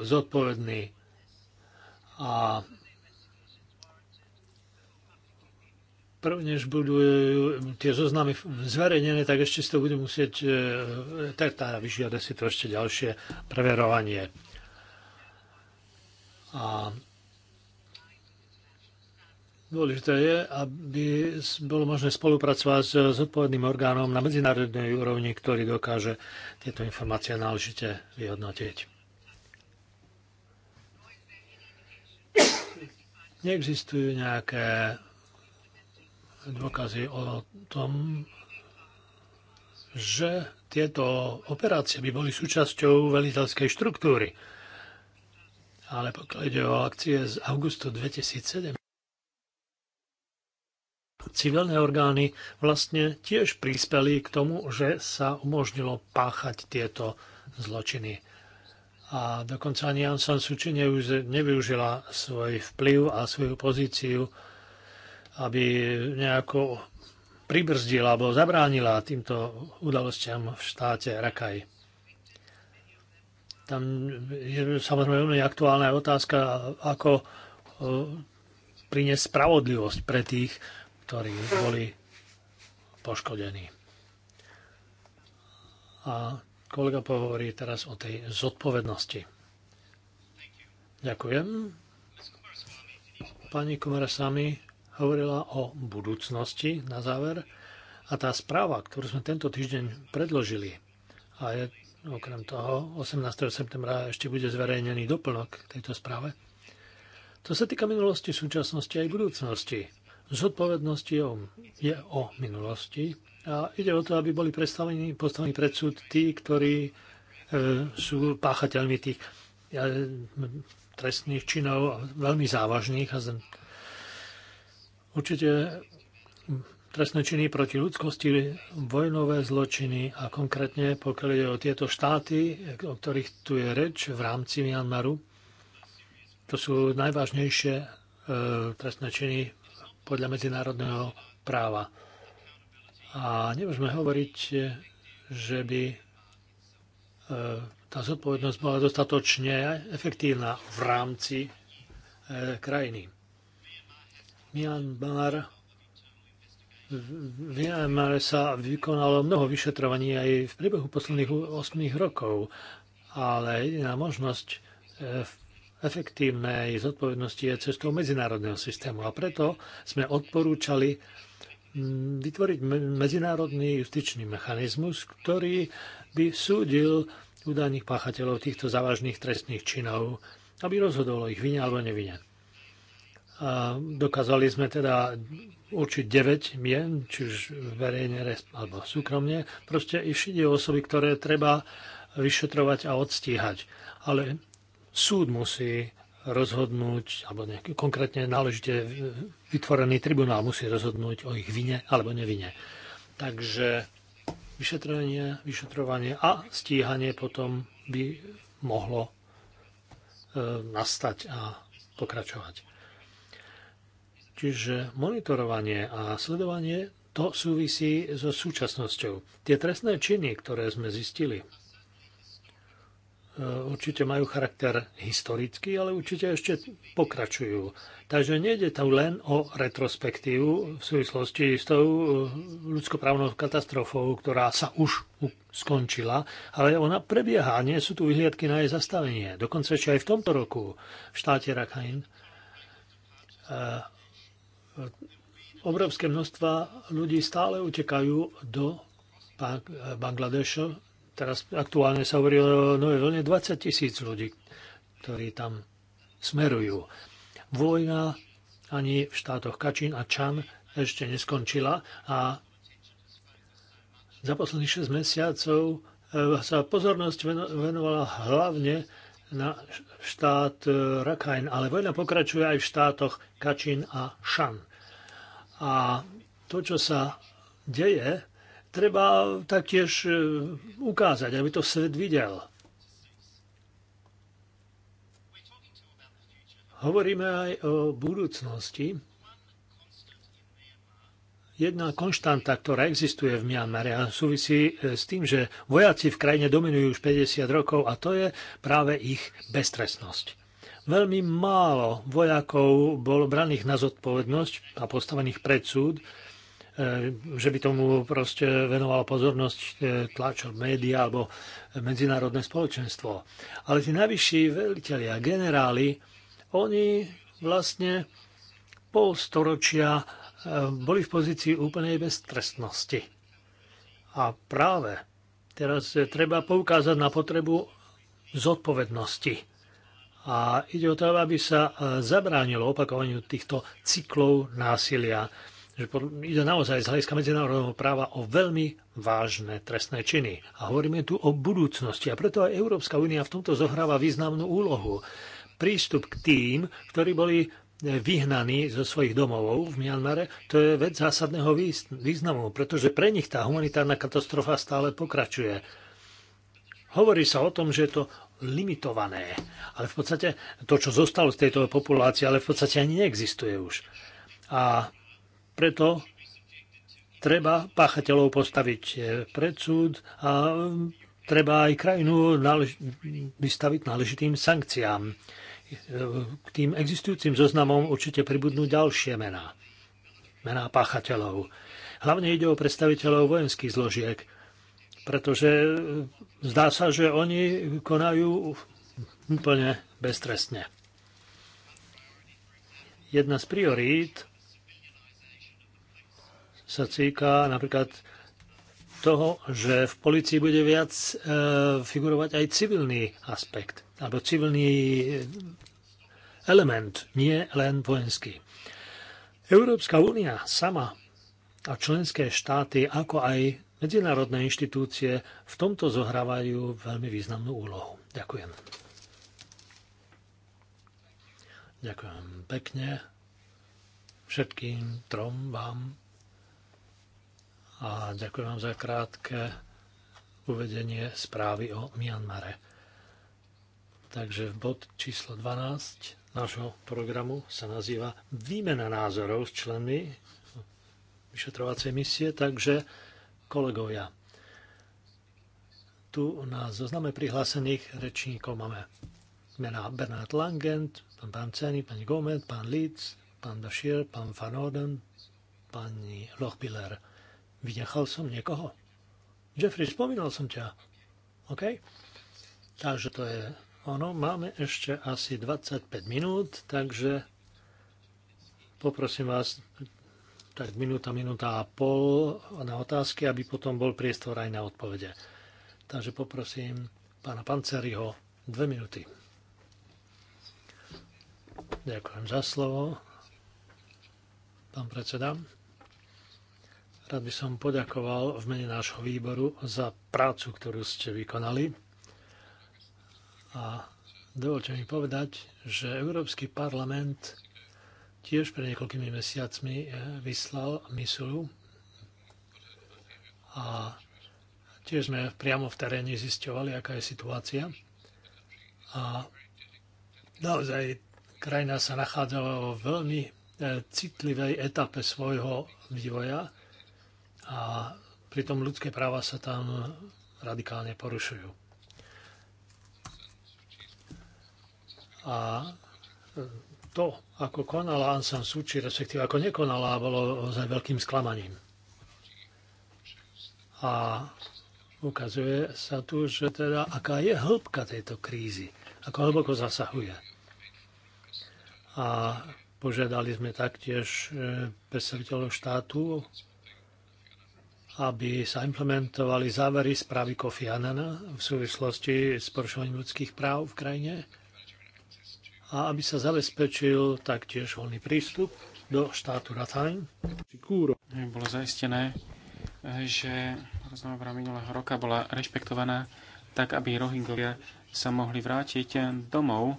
zodpovedný. a prvnež budú e, tie zoznamy zverejnené, tak ešte si to budú musieť, e, tak tá vyžiada si to ešte ďalšie preverovanie. A dôležité je, aby bolo možné spolupracovať s odpovedným orgánom na medzinárodnej úrovni, ktorý dokáže tieto informácie náležite vyhodnotiť. Neexistujú nejaké dôkazy o tom, že tieto operácie by boli súčasťou veliteľskej štruktúry. Ale pokiaľ ide o akcie z augustu 2007, civilné orgány vlastne tiež prispeli k tomu, že sa umožnilo páchať tieto zločiny a dokonca ani Aung San Suu Kyi nevyužila svoj vplyv a svoju pozíciu, aby nejako pribrzdila alebo zabránila týmto udalostiam v štáte Rakaj. Tam je samozrejme veľmi aktuálna otázka, ako e, priniesť spravodlivosť pre tých, ktorí boli poškodení. A Kolega pohovorí teraz o tej zodpovednosti. Ďakujem. Pani Kumarasami hovorila o budúcnosti na záver a tá správa, ktorú sme tento týždeň predložili a je okrem toho 18. septembra ešte bude zverejnený doplnok k tejto správe. To sa týka minulosti, súčasnosti aj budúcnosti. Zodpovednosť je o, je o minulosti, a ide o to, aby boli predstavení, postavení predsud tí, ktorí e, sú páchateľmi tých e, trestných činov, veľmi závažných. A z... Určite trestné činy proti ľudskosti, vojnové zločiny a konkrétne pokiaľ ide o tieto štáty, o ktorých tu je reč v rámci Myanmaru, to sú najvážnejšie e, trestné činy podľa medzinárodného práva. A nemôžeme hovoriť, že by e, tá zodpovednosť bola dostatočne efektívna v rámci e, krajiny. Myanmar v Myanmar sa vykonalo mnoho vyšetrovaní aj v priebehu posledných 8 rokov, ale jediná možnosť e, efektívnej zodpovednosti je cestou medzinárodného systému. A preto sme odporúčali vytvoriť medzinárodný justičný mechanizmus, ktorý by súdil údajných páchateľov týchto závažných trestných činov, aby rozhodol ich vine alebo nevine. A dokázali sme teda určiť 9 mien, či už verejne alebo súkromne. Proste ide o osoby, ktoré treba vyšetrovať a odstíhať. Ale súd musí rozhodnúť, alebo nejaký, konkrétne náležite vytvorený tribunál musí rozhodnúť o ich vine alebo nevine. Takže vyšetrenie, vyšetrovanie a stíhanie potom by mohlo e, nastať a pokračovať. Čiže monitorovanie a sledovanie to súvisí so súčasnosťou. Tie trestné činy, ktoré sme zistili E, určite majú charakter historický, ale určite ešte pokračujú. Takže nejde tam len o retrospektívu v súvislosti s tou e, ľudskoprávnou katastrofou, ktorá sa už skončila, ale ona prebieha, nie sú tu vyhliadky na jej zastavenie. Dokonca ešte aj v tomto roku v štáte Rakhine e, obrovské množstva ľudí stále utekajú do Bangladešu, Teraz aktuálne sa hovorí o Novej vlne 20 tisíc ľudí, ktorí tam smerujú. Vojna ani v štátoch Kačín a Čan ešte neskončila a za posledných 6 mesiacov eh, sa pozornosť venovala hlavne na štát eh, Rakhine, ale vojna pokračuje aj v štátoch Kačín a Šan. A to, čo sa deje, treba taktiež e, ukázať, aby to svet videl. Hovoríme aj o budúcnosti. Jedna konštanta, ktorá existuje v Mianmare a súvisí e, s tým, že vojaci v krajine dominujú už 50 rokov a to je práve ich beztrestnosť. Veľmi málo vojakov bolo braných na zodpovednosť a postavených pred súd, E, že by tomu proste venovala pozornosť e, tlač, médiá alebo medzinárodné spoločenstvo. Ale tí najvyšší veliteľi a generáli, oni vlastne pol storočia e, boli v pozícii úplnej beztrestnosti. A práve teraz treba poukázať na potrebu zodpovednosti. A ide o to, aby sa zabránilo opakovaniu týchto cyklov násilia že ide naozaj z hľadiska medzinárodného práva o veľmi vážne trestné činy. A hovoríme tu o budúcnosti a preto aj Európska únia v tomto zohráva významnú úlohu. Prístup k tým, ktorí boli e, vyhnaní zo svojich domovov v Mianmare, to je vec zásadného významu, pretože pre nich tá humanitárna katastrofa stále pokračuje. Hovorí sa o tom, že je to limitované, ale v podstate to, čo zostalo z tejto populácie, ale v podstate ani neexistuje už. A preto treba páchateľov postaviť eh, pred súd a mm, treba aj krajinu nálež- vystaviť náležitým sankciám. K tým existujúcim zoznamom určite pribudnú ďalšie mená. Mená páchateľov. Hlavne ide o predstaviteľov vojenských zložiek, pretože eh, zdá sa, že oni konajú úplne beztrestne. Jedna z priorít sa týka napríklad toho, že v policii bude viac e, figurovať aj civilný aspekt, alebo civilný e, element, nie len vojenský. Európska únia sama a členské štáty, ako aj medzinárodné inštitúcie v tomto zohrávajú veľmi významnú úlohu. Ďakujem. Ďakujem pekne všetkým trom vám a ďakujem vám za krátke uvedenie správy o Mianmare. Takže bod číslo 12 nášho programu sa nazýva Výmena názorov s členmi vyšetrovacej misie, takže kolegovia, tu na zozname prihlásených rečníkov máme mená Bernard Langent, pán Panceni, pani Gomet, pán Leeds, pán Bashir, pán Van Orden, pani Lochbiller. Vynechal som niekoho? Jeffrey, spomínal som ťa. OK? Takže to je ono. Máme ešte asi 25 minút, takže poprosím vás tak minúta, minúta a pol na otázky, aby potom bol priestor aj na odpovede. Takže poprosím pána Panceriho dve minúty. Ďakujem za slovo. Pán predseda. Rád by som poďakoval v mene nášho výboru za prácu, ktorú ste vykonali. A dovolte mi povedať, že Európsky parlament tiež pred niekoľkými mesiacmi eh, vyslal misiu a tiež sme priamo v teréne zisťovali, aká je situácia. A naozaj krajina sa nachádzala vo veľmi eh, citlivej etape svojho vývoja a pritom ľudské práva sa tam radikálne porušujú. A e, to, ako konala Suu Kyi, respektíve ako nekonala, bolo za veľkým sklamaním. A ukazuje sa tu, že teda aká je hĺbka tejto krízy, ako hlboko zasahuje. A požiadali sme taktiež e, predstaviteľov štátu aby sa implementovali závery správy Kofi Anana v súvislosti s porušovaním ľudských práv v krajine a aby sa zabezpečil taktiež voľný prístup do štátu Rakhine. Hm, bolo zaistené, že roznovra minulého roka bola rešpektovaná tak, aby Rohingovia sa mohli vrátiť domov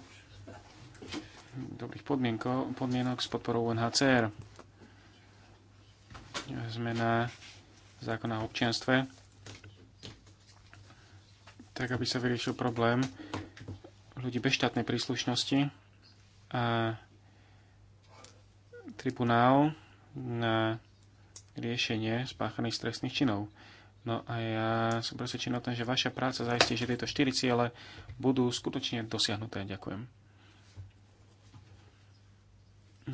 dobrých podmienok s podporou UNHCR. Sme na zákona o občianstve, tak aby sa vyriešil problém ľudí bez štátnej príslušnosti. A tribunál na riešenie spáchaných stresných činov. No a ja som presvedčený o tom, že vaša práca zaistí, že tieto štyri ciele budú skutočne dosiahnuté. Ďakujem.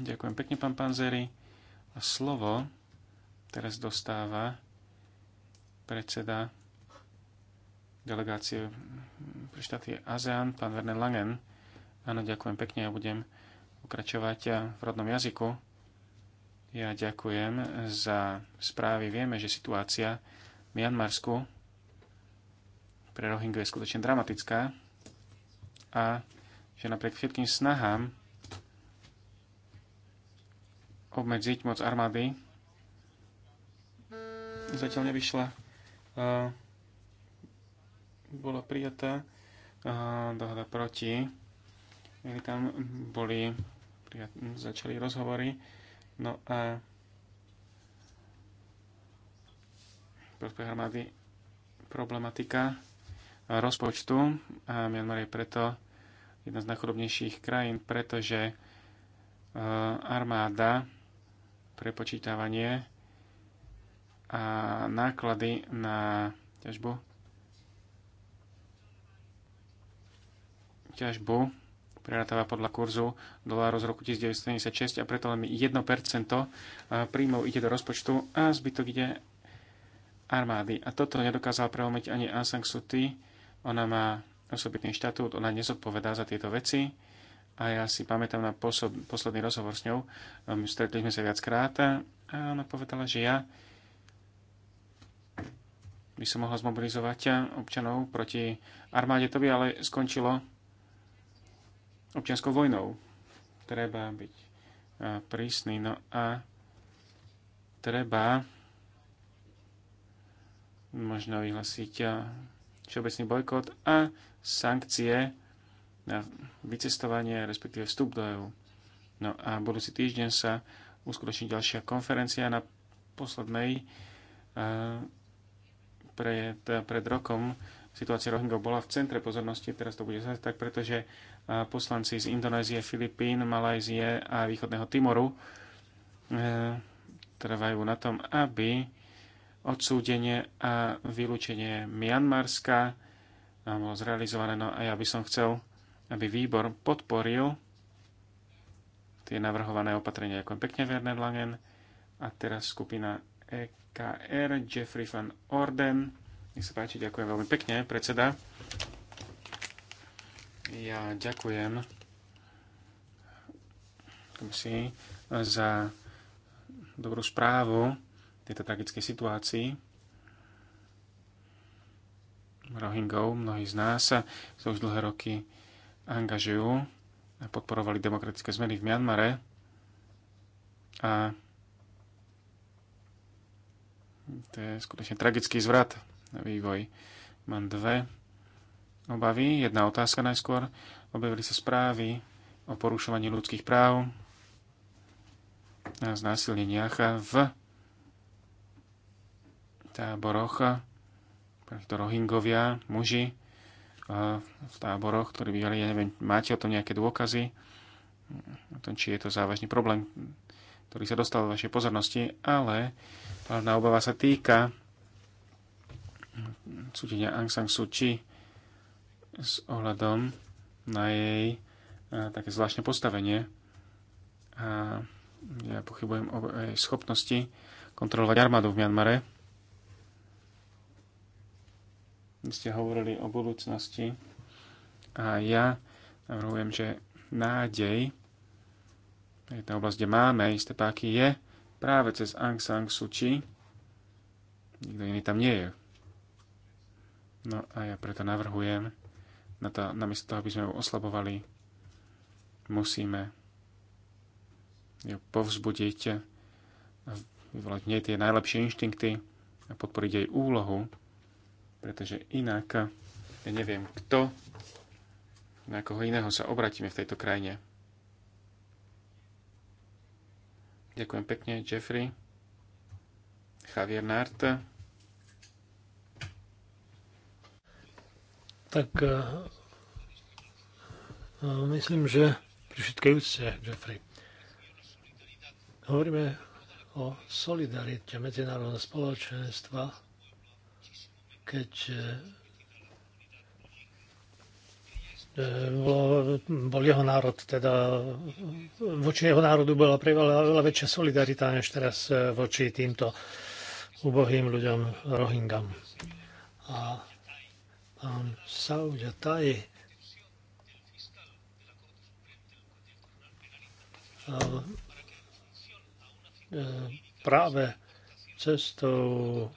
Ďakujem pekne, pán Panzeri. A slovo teraz dostáva predseda delegácie pre štáty ASEAN, pán Werner Langen. Áno, ďakujem pekne, ja budem pokračovať v rodnom jazyku. Ja ďakujem za správy. Vieme, že situácia v Mianmarsku pre Rohingu je skutočne dramatická a že napriek všetkým snahám obmedziť moc armády zatiaľ nevyšla bola prijatá dohoda proti. Tam boli, začali rozhovory. No a prospech armády problematika rozpočtu a Myanmar je preto jedna z najchudobnejších krajín, pretože armáda prepočítavanie a náklady na ťažbu ťažbu prerátava podľa kurzu doláru z roku 1976 a preto len 1% príjmov ide do rozpočtu a zbytok ide armády. A toto nedokázal prelomiť ani Aung Suu Kyi. Ona má osobitný štatút, ona nezodpovedá za tieto veci a ja si pamätám na posledný rozhovor s ňou. Um, stretli sme sa viackrát a ona povedala, že ja by sa mohla zmobilizovať občanov proti armáde. To by ale skončilo občianskou vojnou. Treba byť prísny. No a treba možno vyhlasiť všeobecný bojkot a sankcie na vycestovanie, respektíve vstup do EÚ. No a budúci týždeň sa uskutoční ďalšia konferencia na poslednej uh, pred, teda pred rokom situácia Rohingov bola v centre pozornosti, teraz to bude zase tak, pretože e, poslanci z Indonézie, Filipín, Malajzie a východného Timoru e, trvajú na tom, aby odsúdenie a vylúčenie Mianmarska e, bolo zrealizované. No a ja by som chcel, aby výbor podporil tie navrhované opatrenia. Ďakujem pekne, Werner Langen. A teraz skupina EKR, Jeffrey van Orden. Nech sa páči, ďakujem veľmi pekne, predseda. Ja ďakujem si za dobrú správu tejto tragickej situácii. Rohingov, mnohí z nás sa už dlhé roky angažujú a podporovali demokratické zmeny v Mianmare a to je skutočne tragický zvrat na vývoj. Mám dve obavy. Jedna otázka najskôr. Objavili sa správy o porušovaní ľudských práv a znásilneniach v táboroch, to rohingovia, muži v táboroch, ktorí bývali, ja neviem, máte o tom nejaké dôkazy, o tom, či je to závažný problém, ktorý sa dostal do vašej pozornosti, ale hlavná obava sa týka súdenia Aung San Suu Kyi s ohľadom na jej e, také zvláštne postavenie. A ja pochybujem o jej schopnosti kontrolovať armádu v Mianmare. Vy ste hovorili o budúcnosti a ja navrhujem, že nádej Jedna oblasť, kde máme isté páky, je práve cez Aung San Suu Kyi. Nikto iný tam nie je. No a ja preto navrhujem, na to, namiesto toho, aby sme ju oslabovali, musíme ju povzbudiť, vyvolať v nej tie najlepšie inštinkty a podporiť jej úlohu, pretože inak ja neviem, kto, na koho iného sa obratíme v tejto krajine. Ďakujem pekne, Jeffrey. Javier Nart. Tak uh, myslím, že pri všetkej úcte, Jeffrey, hovoríme o solidarite medzinárodného spoločenstva, keď eh, E, bolo, bol jeho národ, teda voči jeho národu bola prevala veľa väčšia solidarita než teraz e, voči týmto ubohým ľuďom Rohingam. A pán Saudia Taj e, práve cestou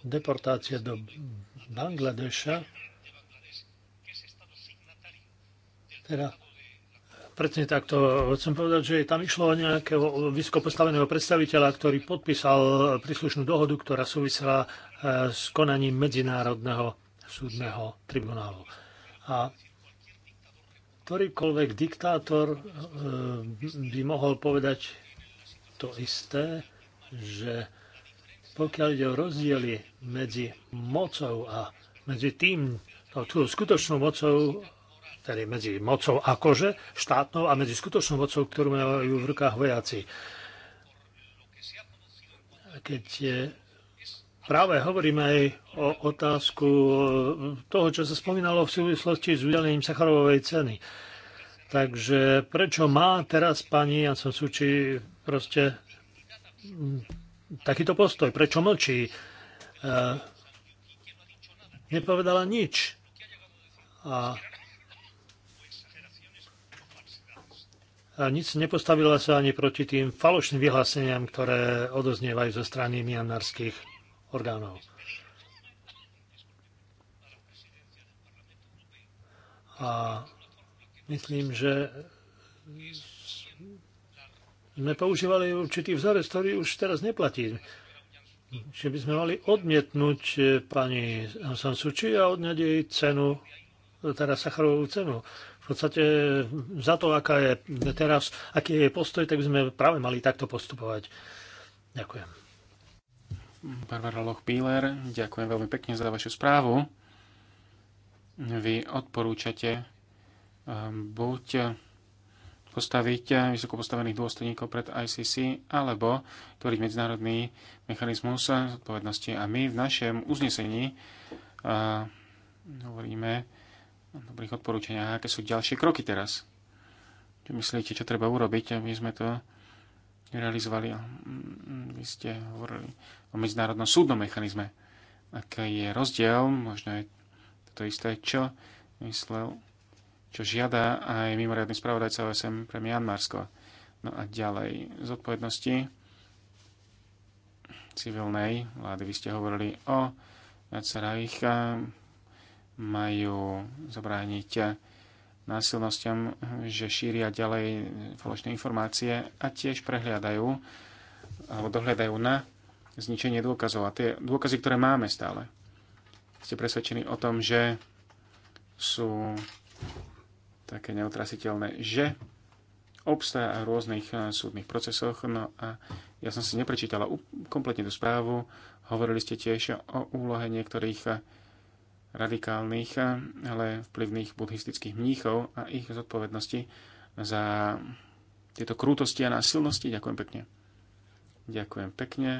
deportácie do Bangladeša Teda, presne takto chcem povedať, že tam išlo o nejakého vyskopostaveného predstaviteľa, ktorý podpísal príslušnú dohodu, ktorá súvisela e, s konaním Medzinárodného súdneho tribunálu. A ktorýkoľvek diktátor e, by mohol povedať to isté, že pokiaľ ide o rozdiely medzi mocou a medzi tým, no, tou skutočnou mocou tedy medzi mocou akože štátnou a medzi skutočnou mocou, ktorú majú v rukách vojaci. Keď je, práve hovoríme aj o otázku toho, čo sa spomínalo v súvislosti s udelením Sacharovej ceny. Takže prečo má teraz pani Jansen Suči proste takýto postoj? Prečo mlčí? E, nepovedala nič. A a nic nepostavila sa ani proti tým falošným vyhláseniam, ktoré odoznievajú zo strany mianmarských orgánov. A myslím, že sme používali určitý vzorec, ktorý už teraz neplatí. Že by sme mali odmietnúť eh, pani San Suu Kyi a odňať jej cenu teraz Sacharovú cenu. V podstate eh, za to, aká je teraz, aký je postoj, tak by sme práve mali takto postupovať. Ďakujem. Barbara loch píler ďakujem veľmi pekne za vašu správu. Vy odporúčate eh, buď postaviť vysoko postavených dôstojníkov pred ICC alebo tvoriť medzinárodný mechanizmus zodpovednosti. A my v našom uznesení eh, hovoríme No, dobrých odporúčaniach. Aké sú ďalšie kroky teraz? Čo myslíte, čo treba urobiť, aby sme to realizovali? Mm, vy ste hovorili o medzinárodnom súdnom mechanizme. Aký je rozdiel, možno je to isté, čo myslel, čo žiada aj mimoriadný spravodajca OSM pre Mianmarsko. No a ďalej z odpovednosti civilnej vlády. Vy ste hovorili o viacerých majú zabrániť násilnostiam, že šíria ďalej falošné informácie a tiež prehliadajú alebo dohľadajú na zničenie dôkazov. A tie dôkazy, ktoré máme stále, ste presvedčení o tom, že sú také neotrasiteľné, že obstaja v rôznych eh, súdnych procesoch. No a ja som si neprečítala kompletne tú správu. Hovorili ste tiež o úlohe niektorých eh, radikálnych, eh, ale vplyvných buddhistických mníchov a ich zodpovednosti za tieto krútosti a násilnosti. Ďakujem pekne. Ďakujem pekne.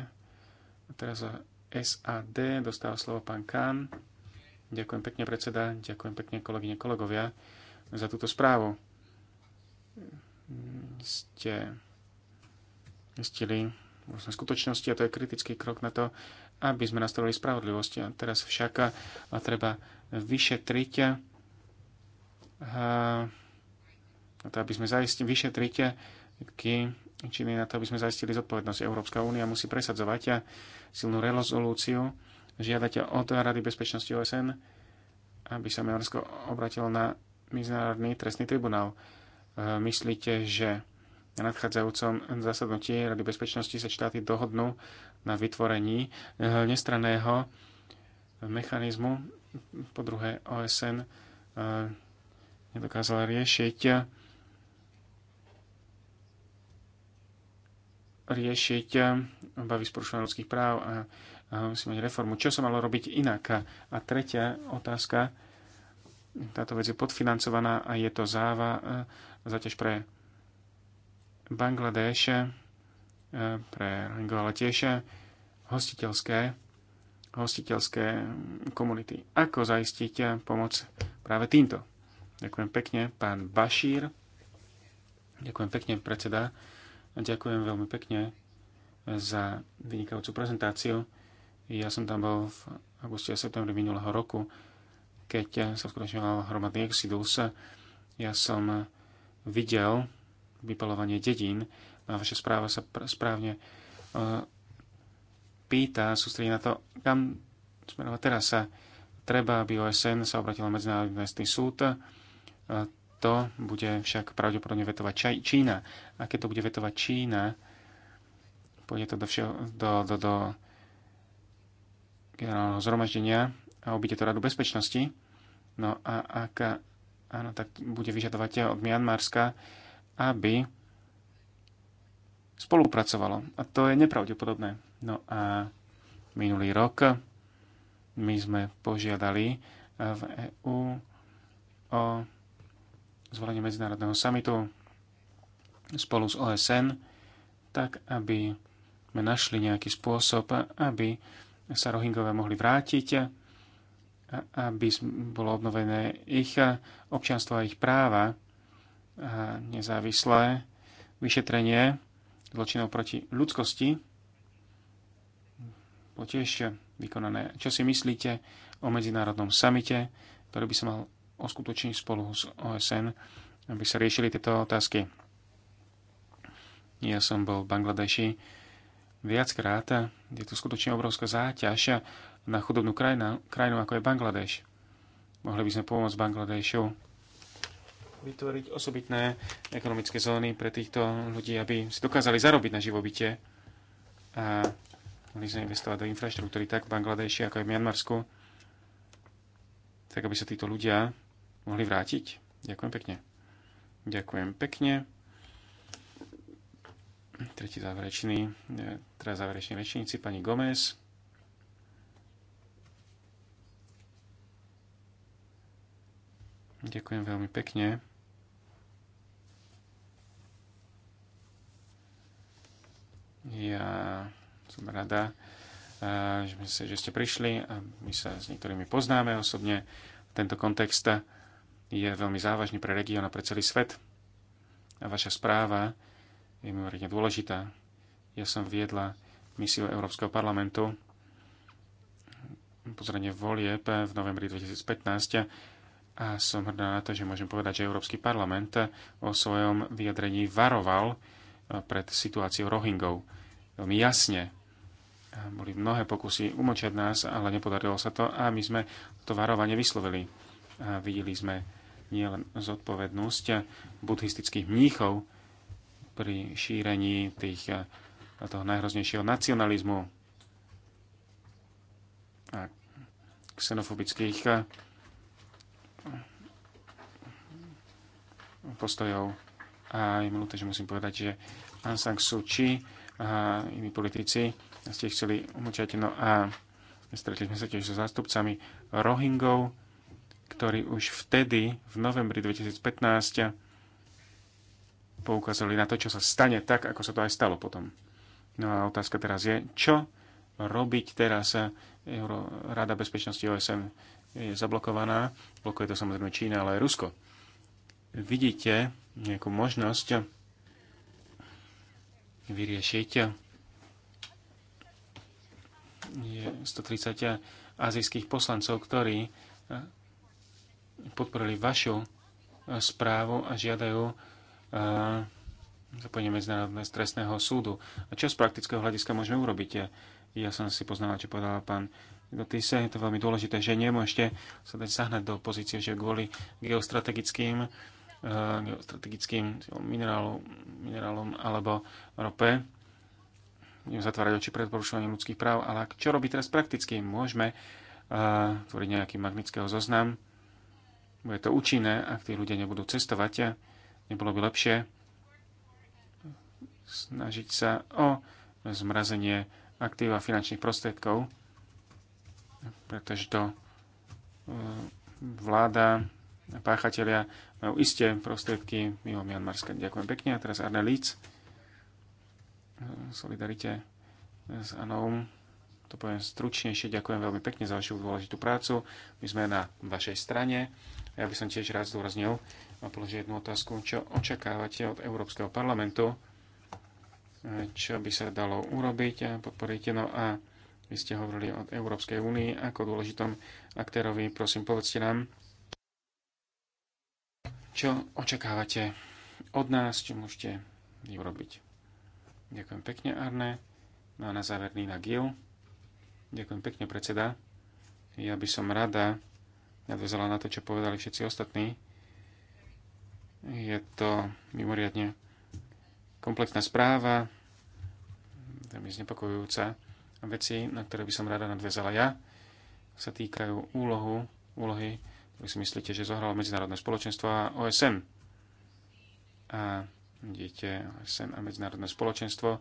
A teraz za SAD dostáva slovo pán Kán. Ďakujem pekne, predseda. Ďakujem pekne, kolegyne, kolegovia, za túto správu. Ste zistili vlastne skutočnosti a to je kritický krok na to, aby sme nastavili spravodlivosť. A teraz však treba vyšetriť na to, aby sme zaistili, vyšetriť činy na to, aby sme zaistili zodpovednosť. Európska únia musí presadzovať silnú rezolúciu, žiadať od Rady bezpečnosti OSN, aby sa Miansko obratilo na Medzinárodný trestný tribunál. E, myslíte, že na nadchádzajúcom zasadnutí Rady bezpečnosti sa štáty dohodnú na vytvorení eh, nestranného mechanizmu. Po druhé, OSN eh, nedokázala riešiť riešiť eh, obavy z porušovania ľudských práv a, a musí mať reformu. Čo sa malo robiť inak? A tretia otázka, táto vec je podfinancovaná a je to záva, zaťaž pre Bangladeše e, pre Rohingya, e, hostiteľské, hostiteľské komunity. Ako zaistiť e, pomoc práve týmto? Ďakujem pekne, pán Bašír. Ďakujem pekne, predseda. A ďakujem veľmi pekne za vynikajúcu prezentáciu. Ja som tam bol v auguste a septembri minulého roku, keď sa uskutočňoval hromadný exodus. Ja som videl vypalovanie dedín. A vaša správa sa správne e, pýta, sústredí na to, kam smerovať teraz sa treba, aby OSN sa obratila Medzinárodný investičný súd. To bude však pravdepodobne vetovať Čína. A keď to bude vetovať Čína, pôjde to do, všeho, do, do, do generálneho zhromaždenia a obíde to Radu bezpečnosti. No a ak áno, tak bude vyžadovať od Mianmarska aby spolupracovalo. A to je nepravdepodobné. No a minulý rok my sme požiadali eh, v EÚ o zvolenie medzinárodného samitu spolu s OSN, tak aby sme našli nejaký spôsob, aby sa Rohingové mohli vrátiť, aby bolo obnovené ich občianstvo a ich práva nezávislé vyšetrenie zločinov proti ľudskosti bolo tiež vykonané. Čo si myslíte o medzinárodnom samite, ktorý by sa mal oskutočniť spolu s OSN, aby sa riešili tieto otázky? Ja som bol v Bangladeši viackrát. Je tu skutočne obrovská záťaž na chudobnú krajinu, krajinu ako je Bangladeš. Mohli by sme pomôcť Bangladešu vytvoriť osobitné ekonomické zóny pre týchto ľudí, aby si dokázali zarobiť na živobytie a mohli sa investovať do infraštruktúry tak v Bangladeši, ako aj v Mianmarsku, tak aby sa títo ľudia mohli vrátiť. Ďakujem pekne. Ďakujem pekne. Tretí záverečný, e, teraz záverečný rečníci, pani Gomez. Ďakujem veľmi pekne. Ja som rada, eh, že, sa, že ste prišli. a My sa s niektorými poznáme osobne. Tento kontext je veľmi závažný pre región a pre celý svet. A vaša správa je mimoriadne dôležitá. Ja som viedla misiu Európskeho parlamentu pozranie volieb v novembri 2015 a som hrdá na to, že môžem povedať, že Európsky parlament o svojom vyjadrení varoval eh, pred situáciou Rohingov veľmi jasne. Boli mnohé pokusy umočať nás, ale nepodarilo sa to a my sme to varovanie vyslovili. A videli sme nielen zodpovednosť buddhistických mníchov pri šírení tých, toho najhroznejšieho nacionalizmu a xenofobických postojov. A je mi že musím povedať, že Aung San Suu Kyi a iní politici ste chceli umlčať. No a stretli sme sa tiež so zástupcami Rohingov, ktorí už vtedy, v novembri 2015, poukázali na to, čo sa stane tak, ako sa to aj stalo potom. No a otázka teraz je, čo robiť teraz Euro, Rada bezpečnosti OSN je zablokovaná, blokuje to samozrejme Čína, ale aj Rusko. Vidíte nejakú možnosť vyriešiť. Je 130 azijských poslancov, ktorí eh, podporili vašu eh, správu a žiadajú eh, zapojenie Medzinárodného stresného súdu. A čo z praktického hľadiska môžeme urobiť? Ja som si poznal, čo povedal pán Dotyse. je to veľmi dôležité, že nemôžete sa dať zahnať do pozície, že kvôli geostrategickým Eh, strategickým minerálom, minerálom alebo rope. Budeme zatvárať oči pred porušovaním ľudských práv, ale čo robiť teraz prakticky? Môžeme uh, tvoriť nejaký magnického zoznam. Bude to účinné, ak tí ľudia nebudú cestovať. Eh, nebolo by lepšie snažiť sa o zmrazenie aktív a finančných prostriedkov, pretože to vláda páchatelia majú isté prostriedky mimo Mianmarska. Ďakujem pekne. A teraz Arne Líc. Solidarite s Anoum. To poviem stručnejšie. Ďakujem veľmi pekne za vašu dôležitú prácu. My sme na vašej strane. Ja by som tiež rád zdôraznil a položil jednu otázku. Čo očakávate od Európskeho parlamentu? Čo by sa dalo urobiť podporíte? No a vy ste hovorili o Európskej únii ako dôležitom aktérovi. Prosím, povedzte nám, čo očakávate od nás, čo môžete urobiť. Ďakujem pekne, Arne. No a na záver Nina Gil. Ďakujem pekne, predseda. Ja by som rada nadvezala na to, čo povedali všetci ostatní. Je to mimoriadne komplexná správa, veľmi znepokojujúca. Veci, na ktoré by som rada nadvezala ja, sa týkajú úlohu, úlohy vy si myslíte, že zohralo medzinárodné spoločenstvo a OSN. A vidíte, OSN a medzinárodné spoločenstvo,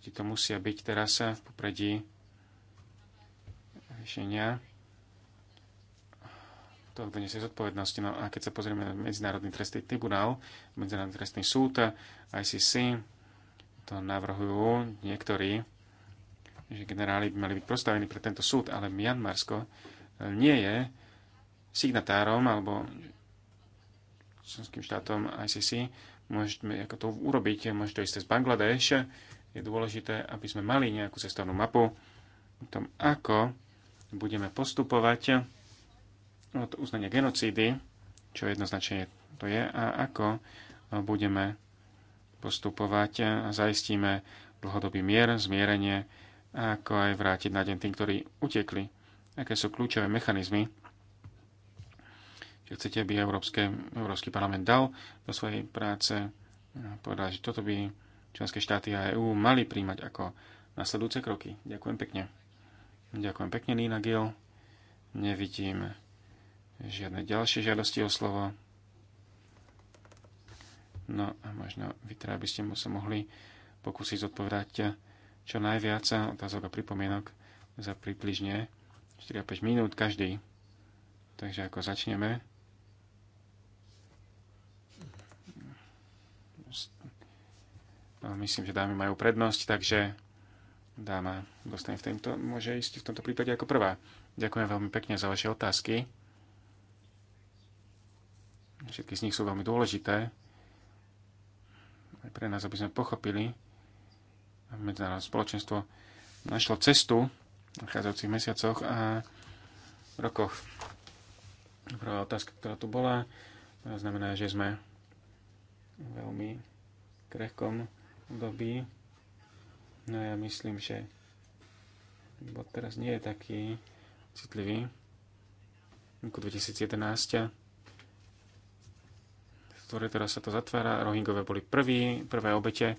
vidíte, to musia byť teraz v popredí riešenia to je zodpovednosť. No a keď sa pozrieme na Medzinárodný trestný tribunál, Medzinárodný trestný súd, ICC, to navrhujú niektorí, že generáli by mali byť prostavení pre tento súd, ale Mianmarsko nie je signatárom alebo členským štátom ICC, môžeme ako to urobiť, môžete to ísť z Bangladeš, je dôležité, aby sme mali nejakú cestovnú mapu o tom, ako budeme postupovať od uznania genocídy, čo jednoznačne to je, a ako budeme postupovať a zaistíme dlhodobý mier, zmierenie, a ako aj vrátiť na deň tým, ktorí utekli, aké sú kľúčové mechanizmy, chcete, aby Európske, Európsky parlament dal do svojej práce, povedal, že toto by členské štáty a EÚ mali príjmať ako nasledujúce kroky. Ďakujem pekne. Ďakujem pekne, Nina Gil. Nevidím žiadne ďalšie žiadosti o slovo. No a možno vy teda by ste mu sa mohli pokúsiť zodpovedať čo najviac otázok a pripomienok za približne 4-5 minút každý. Takže ako začneme myslím, že dámy majú prednosť, takže dáma dostane v tomto, môže ísť v tomto prípade ako prvá. Ďakujem veľmi pekne za vaše otázky. Všetky z nich sú veľmi dôležité aj pre nás, aby sme pochopili, aby medzinárodné spoločenstvo našlo cestu v nachádzajúcich mesiacoch a rokoch. Prvá otázka, ktorá tu bola, znamená, že sme veľmi krehkom období. No ja myslím, že bod teraz nie je taký citlivý. Roku 2011 ktoré teraz sa to zatvára. Rohingové boli prví, prvé obete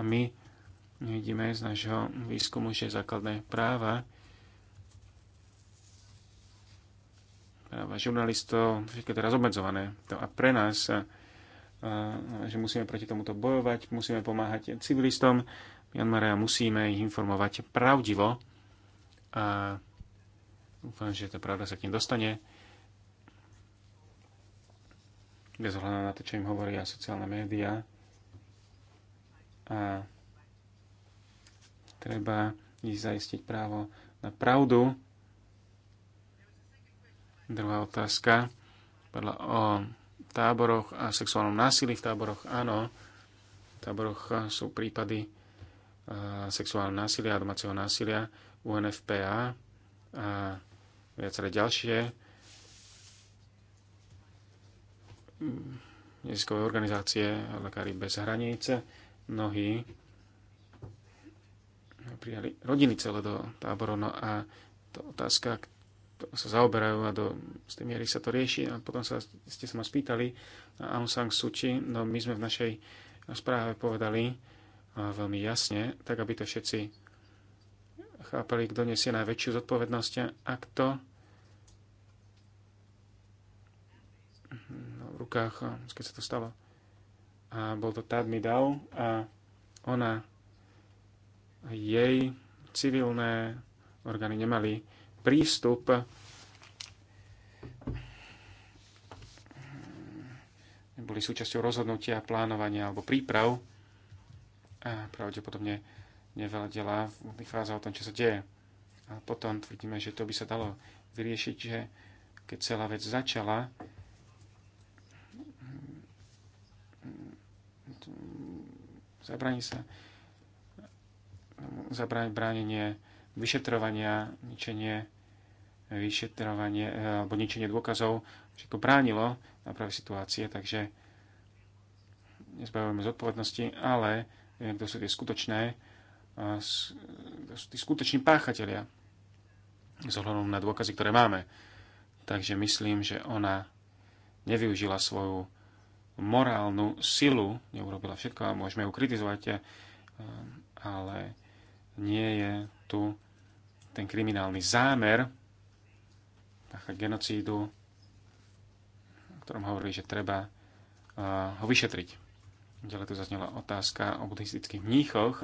a my vidíme z nášho výskumu, že základné práva práva žurnalistov, všetko teraz obmedzované. To a pre nás že musíme proti tomuto bojovať, musíme pomáhať civilistom Myanmara a musíme ich informovať pravdivo. A dúfam, že tá pravda sa k ním dostane. Bez ohľadu na to, čo im hovoria sociálne médiá. A treba ich zaistiť právo na pravdu. Druhá otázka Podľa o táboroch a sexuálnom násilí v táboroch, áno. V táboroch sú prípady sexuálneho násilia a domáceho násilia UNFPA a viaceré ďalšie mm, neziskové organizácie Lekári bez hranice, Mnohí prijali rodiny celé do táborov. No a to otázka, sa zaoberajú a do, z tej miery sa to rieši. A potom sa, ste sa ma spýtali, Aung San Suu Kyi, no my sme v našej správe povedali veľmi jasne, tak aby to všetci chápali, kto nesie najväčšiu zodpovednosť, ak to no, v rukách, keď sa to stalo. A bol to Tad Midal a ona jej civilné orgány nemali prístup boli súčasťou rozhodnutia, plánovania alebo príprav a pravdepodobne nevedela vychádza o tom, čo sa deje. A potom tvrdíme, že to by sa dalo vyriešiť, že keď celá vec začala, zabraní sa bránenie vyšetrovania, ničenie, vyšetrovanie eh, alebo ničenie dôkazov všetko bránilo naprave situácie, takže nezbavujeme zodpovednosti, ale kto eh, sú tie skutočné, kto eh, sú tí skutoční páchatelia s ohľadom na dôkazy, ktoré máme. Takže myslím, že ona nevyužila svoju morálnu silu, neurobila všetko a môžeme ju kritizovať, ale nie je tu ten kriminálny zámer páchať genocídu, o ktorom hovorí, že treba ho vyšetriť. Ďalej tu zaznela otázka o buddhistických mníchoch.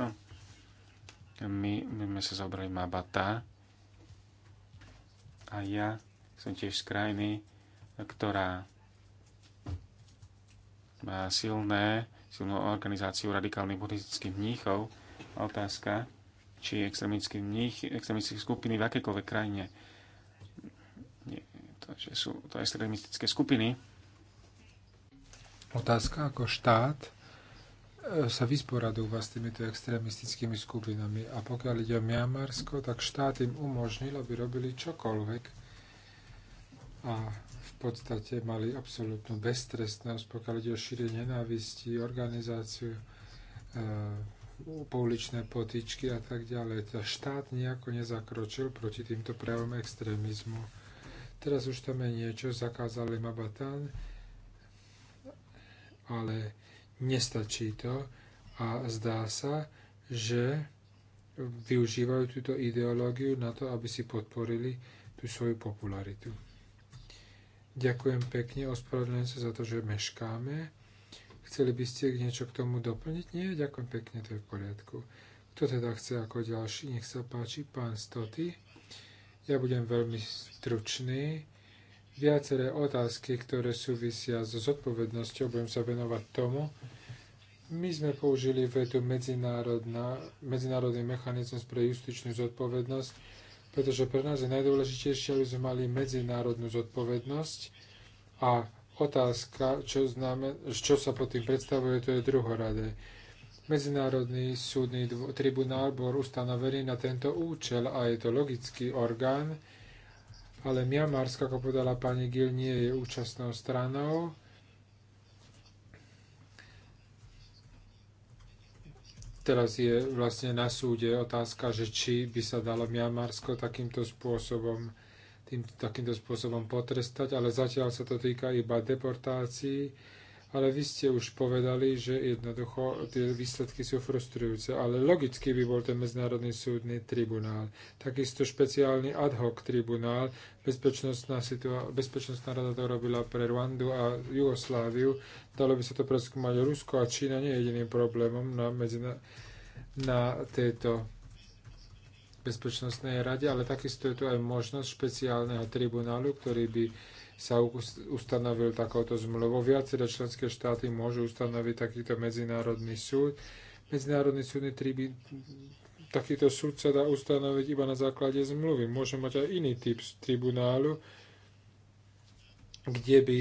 My, my sme sa zobrali Mabata a ja som tiež z krajiny, ktorá má silné, silnú organizáciu radikálnych buddhistických mníchov. Otázka, či mních, extrémistických skupiny v akékoľvek krajine. Nie, to, že sú to extrémistické skupiny. Otázka ako štát e, sa vysporadúva s týmito extrémistickými skupinami. A pokiaľ ide o Miamarsko, tak štát im umožnil, aby robili čokoľvek. A v podstate mali absolútnu beztrestnosť, pokiaľ ide o šírenie nenávisti, organizáciu, e pouličné potičky a tak ďalej. Tá štát nejako nezakročil proti týmto prejavom extrémizmu. Teraz už tam je niečo, zakázali Mabatán, ale nestačí to a zdá sa, že využívajú túto ideológiu na to, aby si podporili tú svoju popularitu. Ďakujem pekne, ospravedlňujem sa za to, že meškáme. Chceli by ste niečo k tomu doplniť? Nie, ďakujem pekne, to je v poriadku. Kto teda chce ako ďalší? Nech sa páči, pán Stoty. Ja budem veľmi stručný. Viaceré otázky, ktoré súvisia so zodpovednosťou, budem sa venovať tomu. My sme použili vetu medzinárodný mechanizmus pre justičnú zodpovednosť, pretože pre nás je najdôležitejšie, aby sme mali medzinárodnú zodpovednosť a Otázka, čo, znamen- čo sa pod tým predstavuje, to je druhoradé. Medzinárodný súdny tribunál bol ustanovený na tento účel a je to logický orgán, ale Miamarska, ako povedala pani Gil, nie je účastnou stranou. Teraz je vlastne na súde otázka, že či by sa dalo Miamarsko takýmto spôsobom tým, takýmto spôsobom potrestať, ale zatiaľ sa to týka iba deportácií. Ale vy ste už povedali, že jednoducho tie výsledky sú frustrujúce. Ale logicky by bol ten Medzinárodný súdny tribunál. Takisto špeciálny ad hoc tribunál. Bezpečnostná, situa- Bezpečnostná rada to robila pre Rwandu a Jugosláviu. Dalo by sa to preskúmať. Rusko a Čína nie je jediným problémom na, medzina- na tejto Bezpečnostnej rade, ale takisto je tu aj možnosť špeciálneho tribunálu, ktorý by sa ustanovil takouto zmluvou. Viaceré členské štáty môžu ustanoviť takýto medzinárodný súd. Medzinárodný súdny tribunál takýto súd sa dá ustanoviť iba na základe zmluvy. Môže mať aj iný typ tribunálu, kde by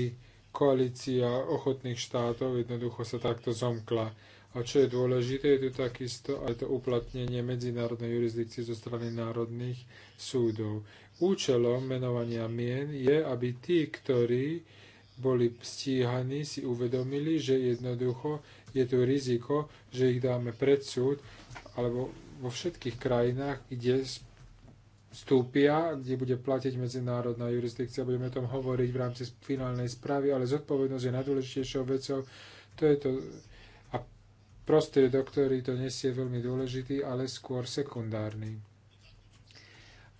koalícia ochotných štátov jednoducho sa takto zomkla. A čo je dôležité, je tu takisto aj to uplatnenie medzinárodnej jurisdikcie zo strany národných súdov. Účelom menovania mien je, aby tí, ktorí boli stíhaní, si uvedomili, že jednoducho je tu riziko, že ich dáme pred súd, alebo vo všetkých krajinách, kde vstúpia, kde bude platiť medzinárodná jurisdikcia. Budeme o tom hovoriť v rámci finálnej správy, ale zodpovednosť je najdôležitejšou vecou. To je to prostriedok, ktorý to nesie, je veľmi dôležitý, ale skôr sekundárny.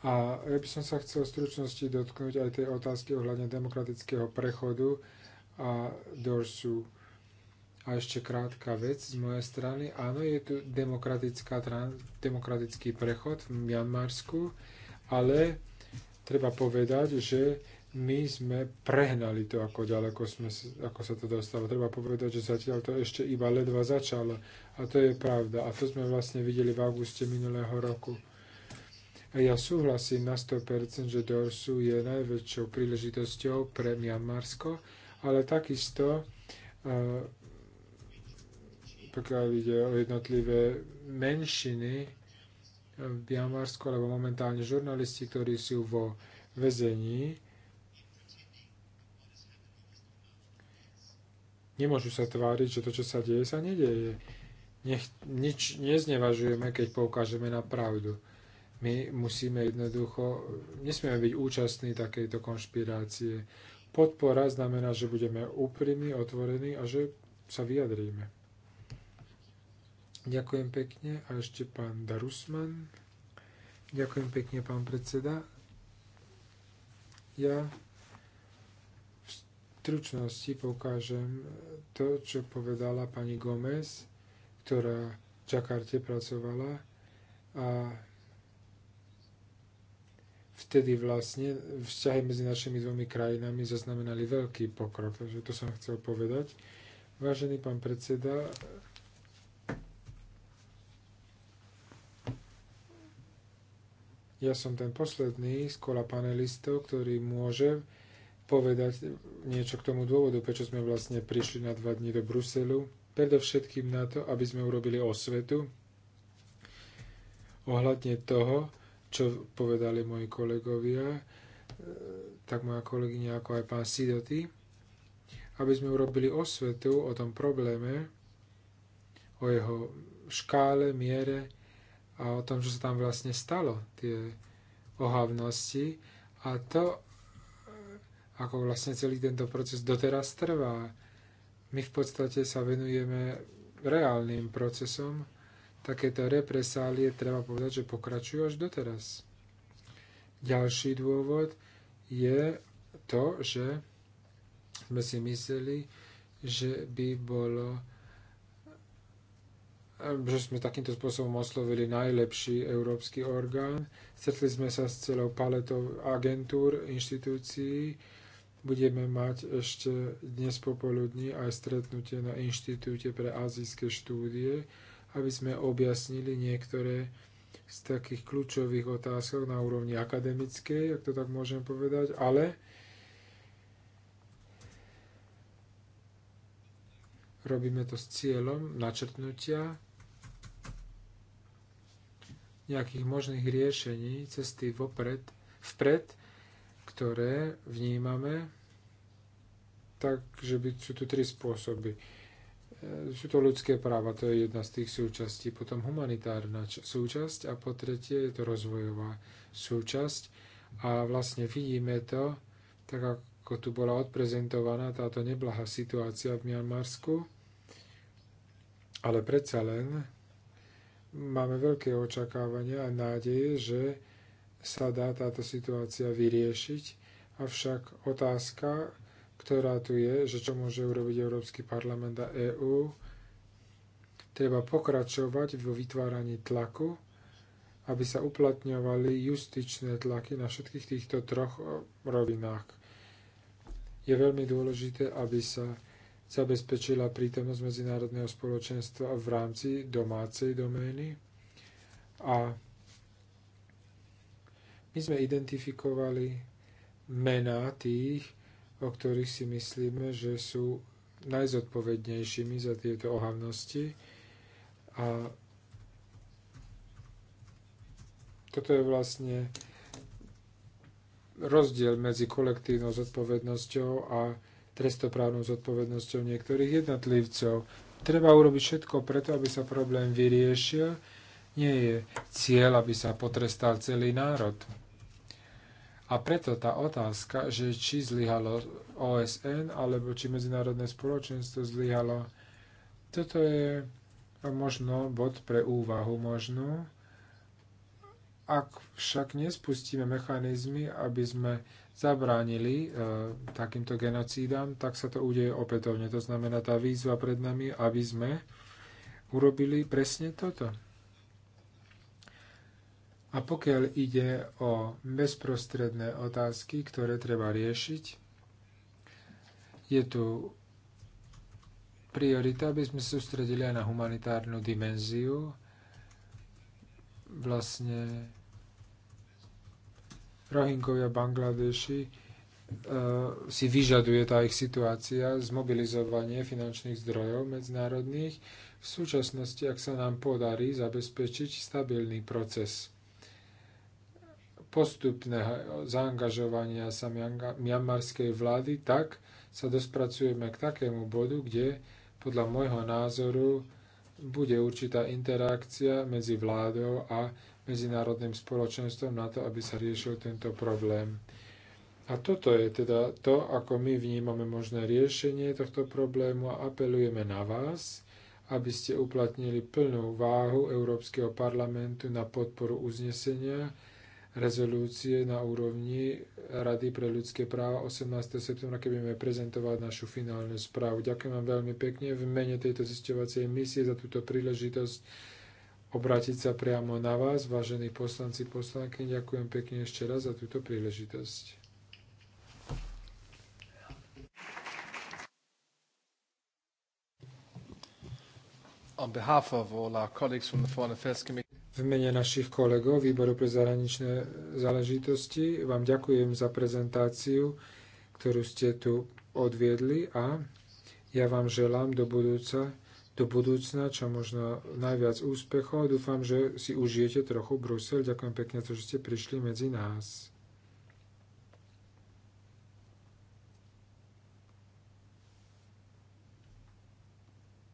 A ja by som sa chcel v stručnosti dotknúť aj tej otázky ohľadne demokratického prechodu a dorsu. A ešte krátka vec z mojej strany. Áno, je tu Demokratická demokratický prechod v Mianmarsku, ale treba povedať, že my sme prehnali to, ako ďaleko sme, ako sa to dostalo. Treba povedať, že zatiaľ to ešte iba ledva začalo. A to je pravda. A to sme vlastne videli v auguste minulého roku. A ja súhlasím na 100%, že Dorsu je najväčšou príležitosťou pre Mianmarsko, ale takisto uh, pokiaľ ide o jednotlivé menšiny v Mianmarsku, alebo momentálne žurnalisti, ktorí sú vo vezení, Nemôžu sa tváriť, že to, čo sa deje, sa nedeje. Nech, nič neznevažujeme, keď poukážeme na pravdu. My musíme jednoducho, nesmieme byť účastní takejto konšpirácie. Podpora znamená, že budeme úprimní, otvorení a že sa vyjadríme. Ďakujem pekne. A ešte pán Darusman. Ďakujem pekne, pán predseda. Ja stručnosti poukážem e, to, čo povedala pani Gomez, ktorá v Čakarte pracovala a vtedy vlastne vzťahy medzi našimi dvomi krajinami zaznamenali veľký pokrok. Takže to som chcel povedať. Vážený pán predseda, ja som ten posledný z kola panelistov, ktorý môže povedať niečo k tomu dôvodu, prečo sme vlastne prišli na dva dní do Bruselu. Predovšetkým na to, aby sme urobili osvetu ohľadne toho, čo povedali moji kolegovia, e, tak moja kolegyňa ako aj pán Sidoty, aby sme urobili osvetu o tom probléme, o jeho škále, miere a o tom, čo sa tam vlastne stalo, tie ohavnosti a to, ako vlastne celý tento proces doteraz trvá. My v podstate sa venujeme reálnym procesom. Takéto represálie, treba povedať, že pokračujú až doteraz. Ďalší dôvod je to, že sme si mysleli, že by bolo že sme takýmto spôsobom oslovili najlepší európsky orgán. Stretli sme sa s celou paletou agentúr, inštitúcií, Budeme mať ešte dnes popoludní aj stretnutie na Inštitúte pre azijské štúdie, aby sme objasnili niektoré z takých kľúčových otázok na úrovni akademickej, ak to tak môžem povedať, ale robíme to s cieľom načrtnutia nejakých možných riešení, cesty vopred, vpred, ktoré vnímame Takže sú tu tri spôsoby. E, sú to ľudské práva, to je jedna z tých súčastí, potom humanitárna súčasť a po tretie je to rozvojová súčasť. A vlastne vidíme to, tak ako tu bola odprezentovaná táto neblahá situácia v Mianmarsku, ale predsa len máme veľké očakávania a nádeje, že sa dá táto situácia vyriešiť. Avšak otázka, ktorá tu je, že čo môže urobiť Európsky parlament a EÚ. Treba pokračovať vo vytváraní tlaku, aby sa uplatňovali justičné tlaky na všetkých týchto troch e, rovinách. Je veľmi dôležité, aby sa zabezpečila prítomnosť medzinárodného spoločenstva v rámci domácej domény. A my sme identifikovali mená tých, o ktorých si myslíme, že sú najzodpovednejšími za tieto ohavnosti. A toto je vlastne rozdiel medzi kolektívnou zodpovednosťou a trestoprávnou zodpovednosťou niektorých jednotlivcov. Treba urobiť všetko preto, aby sa problém vyriešil. Nie je cieľ, aby sa potrestal celý národ. A preto tá otázka, že či zlyhalo OSN alebo či medzinárodné spoločenstvo zlyhalo, toto je možno bod pre úvahu možno. Ak však nespustíme mechanizmy, aby sme zabránili e, takýmto genocídam, tak sa to udeje opätovne. To znamená, tá výzva pred nami, aby sme urobili presne toto. A pokiaľ ide o bezprostredné otázky, ktoré treba riešiť, je tu priorita, aby sme sústredili aj na humanitárnu dimenziu. Vlastne Rohingovia Bangladeši e, si vyžaduje tá ich situácia zmobilizovanie finančných zdrojov medzinárodných. V súčasnosti, ak sa nám podarí zabezpečiť stabilný proces postupného zaangažovania sa mianmarskej vlády, tak sa dospracujeme k takému bodu, kde podľa môjho názoru bude určitá interakcia medzi vládou a medzinárodným spoločenstvom na to, aby sa riešil tento problém. A toto je teda to, ako my vnímame možné riešenie tohto problému a apelujeme na vás, aby ste uplatnili plnú váhu Európskeho parlamentu na podporu uznesenia, rezolúcie na úrovni Rady pre ľudské práva 18. septembra, keď budeme prezentovať našu finálnu správu. Ďakujem vám veľmi pekne v mene tejto zisťovacej misie za túto príležitosť obrátiť sa priamo na vás, vážení poslanci, poslanky. Ďakujem pekne ešte raz za túto príležitosť. On behalf of all our colleagues from the Foreign Affairs Committee, v mene našich kolegov Výboru pre zahraničné záležitosti vám ďakujem za prezentáciu, ktorú ste tu odviedli a ja vám želám do budúca, do budúcna čo možno najviac úspechov. Dúfam, že si užijete trochu Brusel. Ďakujem pekne, to, že ste prišli medzi nás.